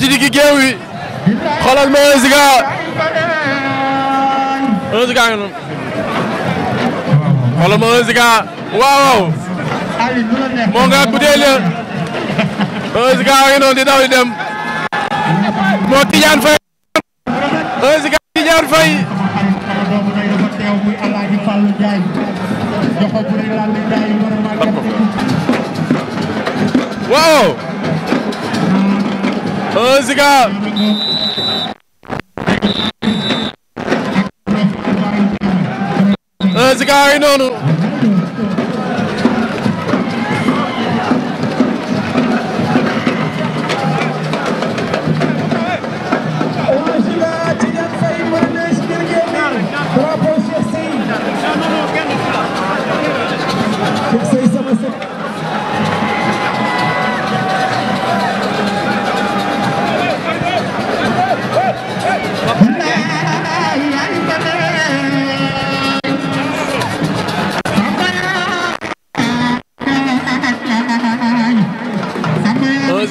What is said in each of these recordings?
ci diggi géew yi xoolal Mame waaw moo nga butéel waaw oh Ziga. oh Ziga ay noonu.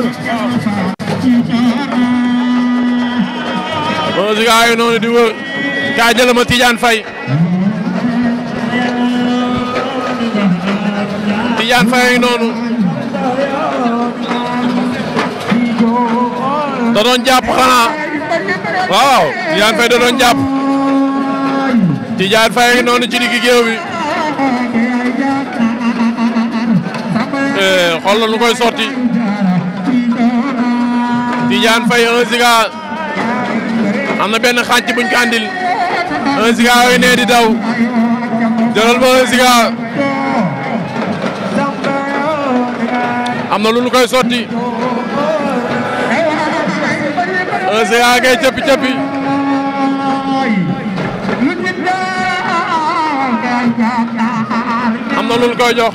jël Boo Siga noonu di wër ka jël ma Tidiane Faye Tidiane Faye ngi noonu da doon jàpp xanaa waaw Tidiane Faye da noonu ci diggi géew bi eh, xool la lu koy sotti Tidiane Faye 1 Giga am na benn xàcc buñ ko andil 1 Giga ne di daw jëlal ba 1 Giga am na lu ñu koy sotti 1 Giga ngay cëppi cëppi am na lu koy jox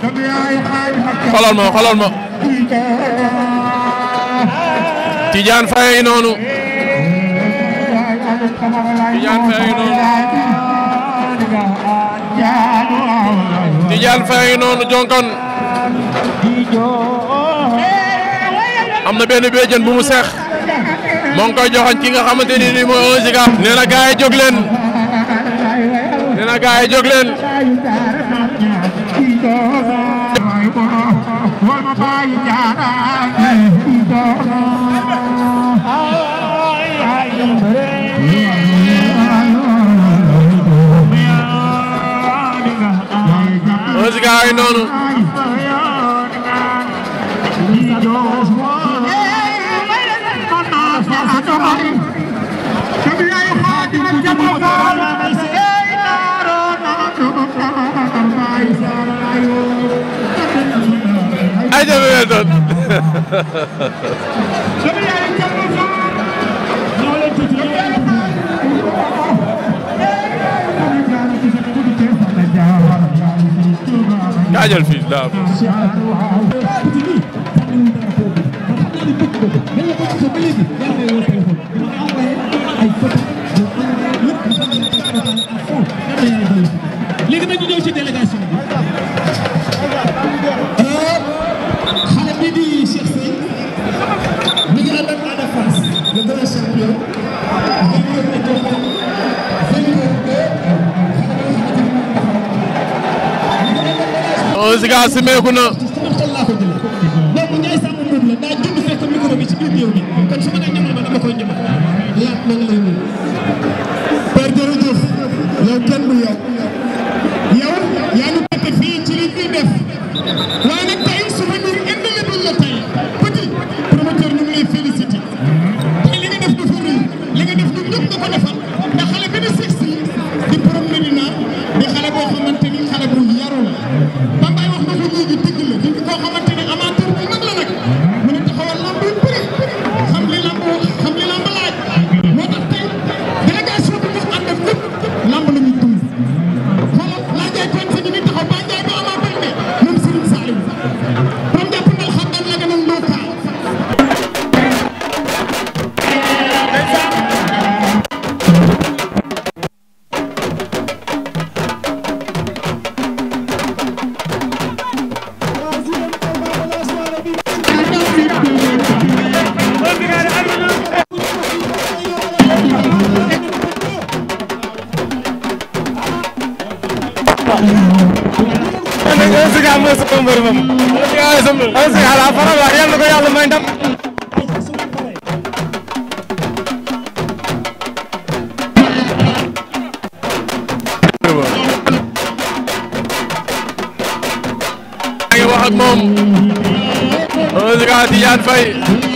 xoolal ma xoolal ma Tidiane Faye noonu Tidiane Faye noonu Tidiane am na benn béjjën bu mu seex moo ngi koy joxoon nga xamante ni nii mooy un Giga. nee na gars yi gaa yi noonu ay jafe-jafe xajal fii daa léegi nag ñu ñëw ci délégation Fallou Ziga simeeku na kon su ma nee ñamal ma dama koy ñamal yaa mooy sa mbër moom. ala si ala faral waay yal na ko yàlla may ndam. maa ngi wax ak moom. Ouzin Tidiane Faye.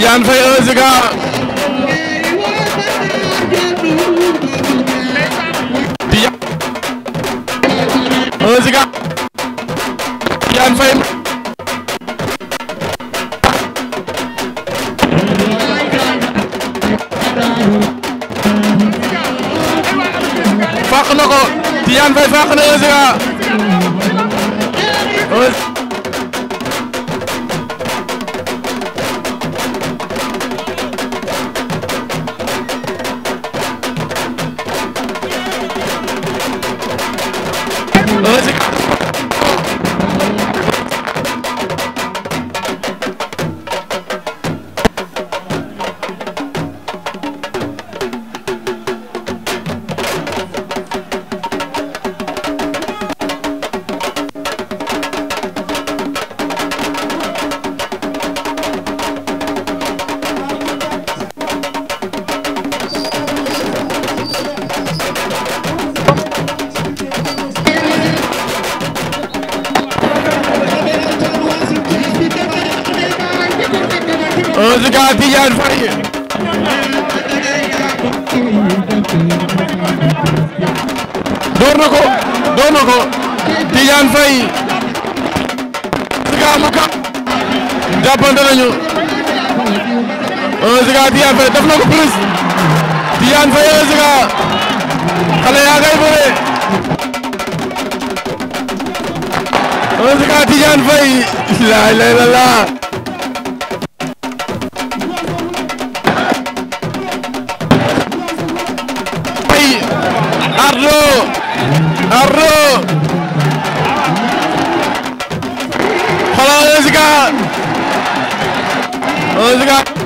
Tidiane Faye 1 Giga Tidiane 1 Giga Tidiane Faye fàq na ko Tidiane Faye fàq na 1 Giga Don Sika Tidiane Faye door na door na ko Tidiane Faye Sika mu kam nañu Don Sika Tidiane Faye def na ko prise Tidiane Faye Don xale yaa ngay bëre Don Sika Tidiane Faye la Ardo xoolal Eziga Eziga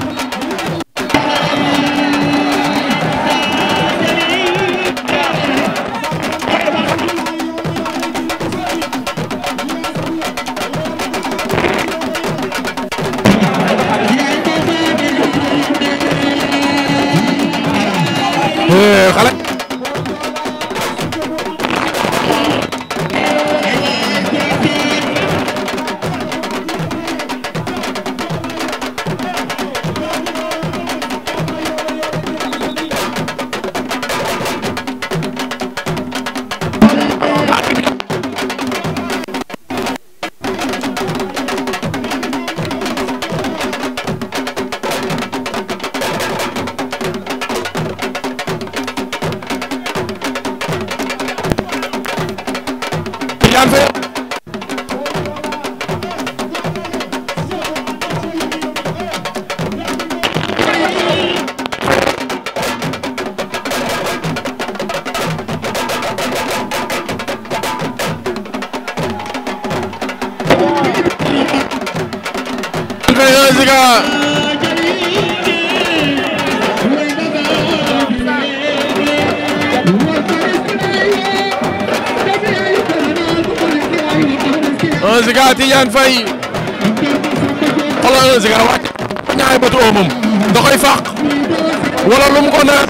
Siga un Siga Tidiane Faye xoolal un Siga wàcc ñaari batu oomam da koy fàq wala lu mu ko naan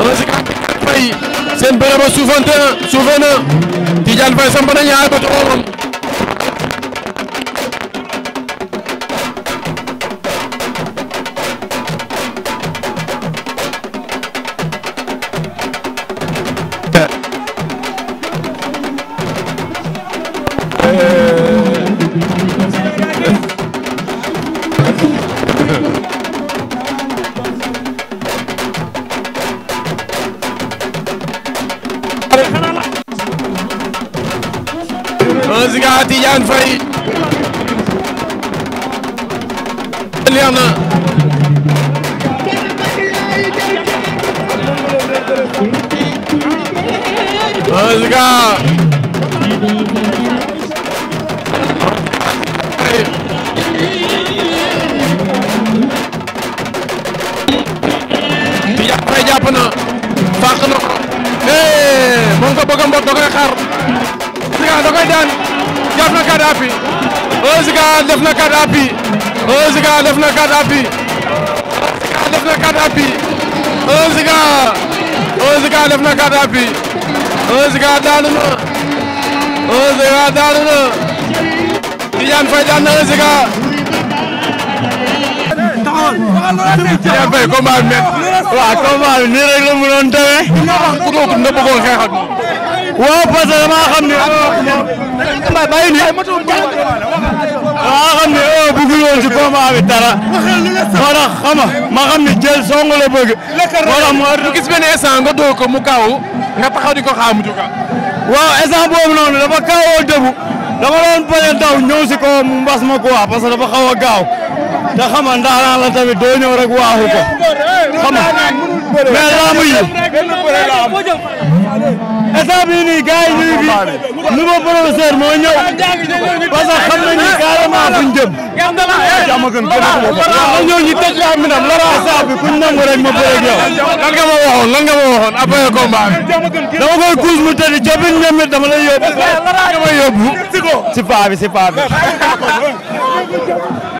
un Siga Tidiane Faye seen bërëb a suufante suufe na Tidiane Faye samp na ñaari batu oomam Tidiane Faye leer na en tout cas Tidiane Faye jàpp na fàq na ko eh moom ko bëgg a mbot da koy xaar da koy daan def na quatre appuis Eau Ziguinchor def na quatre appuis Eau Ziguinchor def na quatre appuis Eau Ziguinchor def na quatre appuis Eau Ziguinchor Eau Ziguinchor def na quatre appuis Eau Ziguinchor daanu na Eau Ziguinchor daanu na Tidiane Faye daan na Eau Ziguinchor Tidiane Faye combat bi met waaw combat bi nii rek la mu doon demee ku ko na bëggoon xeex ak moom waaw parce que xam ne mbay oh, bàyyi nii maa oh, dara moo xama ma xam ne jël song la bëgg moo mu gis benn instant nga dóor mu kaaw nga taxaw di ko xaar mu jóg waaw instant dëbu dama doon bañ a daw ñëw si ko mu mbas ma ko waa parce que a gaaw te xama ndaanaan la tamit rek waaxu ko xama mais lamb yi état bii nii gars yi ñu ngi fi nouveau professeur moo ñëw parce que xam nañu carrément fuñ jëm. jàmm gën gën ñëw ñu tëj la am ndam la saa bi kuñ nangu rek ma bëre ak yow. lan nga ma waxoon lan nga ma waxoon après combat bi. dama koy kuus mu tëdd copine ñoom it dama lay yóbbu. dama lay si paa si paa